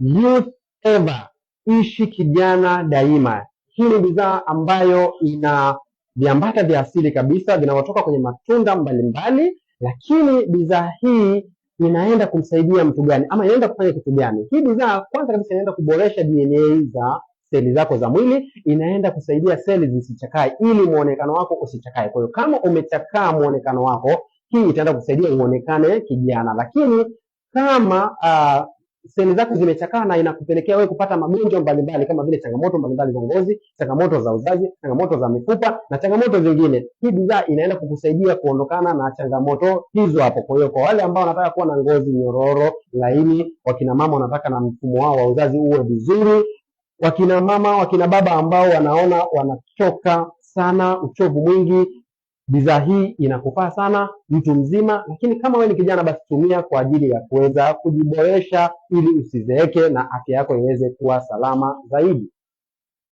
Youth Ever, ishi kijana daima. Hii ni bidhaa ambayo ina viambata vya asili kabisa vinavyotoka kwenye matunda mbalimbali mbali, lakini bidhaa hii inaenda kumsaidia mtu gani ama inaenda kufanya kitu gani? Hii bidhaa kwanza kabisa inaenda kuboresha DNA za seli zako za mwili, inaenda kusaidia seli zisichakae ili muonekano wako usichakae. Kwa hiyo kama umechakaa muonekano wako, hii itaenda kusaidia uonekane kijana, lakini kama uh, seli zako zimechakaa na inakupelekea wewe kupata magonjwa mbalimbali kama vile changamoto mbalimbali za ngozi, changamoto za uzazi, changamoto za mifupa na changamoto zingine. Hii bidhaa inaenda kukusaidia kuondokana na changamoto hizo hapo. Kwa hiyo kwa wale ambao wanataka kuwa na ngozi nyororo, laini, wakina mama wanataka na mfumo wao wa uzazi uwe vizuri, wakina mama, wakina baba ambao wanaona wanachoka sana, uchovu mwingi Bidhaa hii inakufaa sana mtu mzima, lakini kama wewe ni kijana, basi tumia kwa ajili ya kuweza kujiboresha ili usizeeke na afya yako iweze kuwa salama zaidi.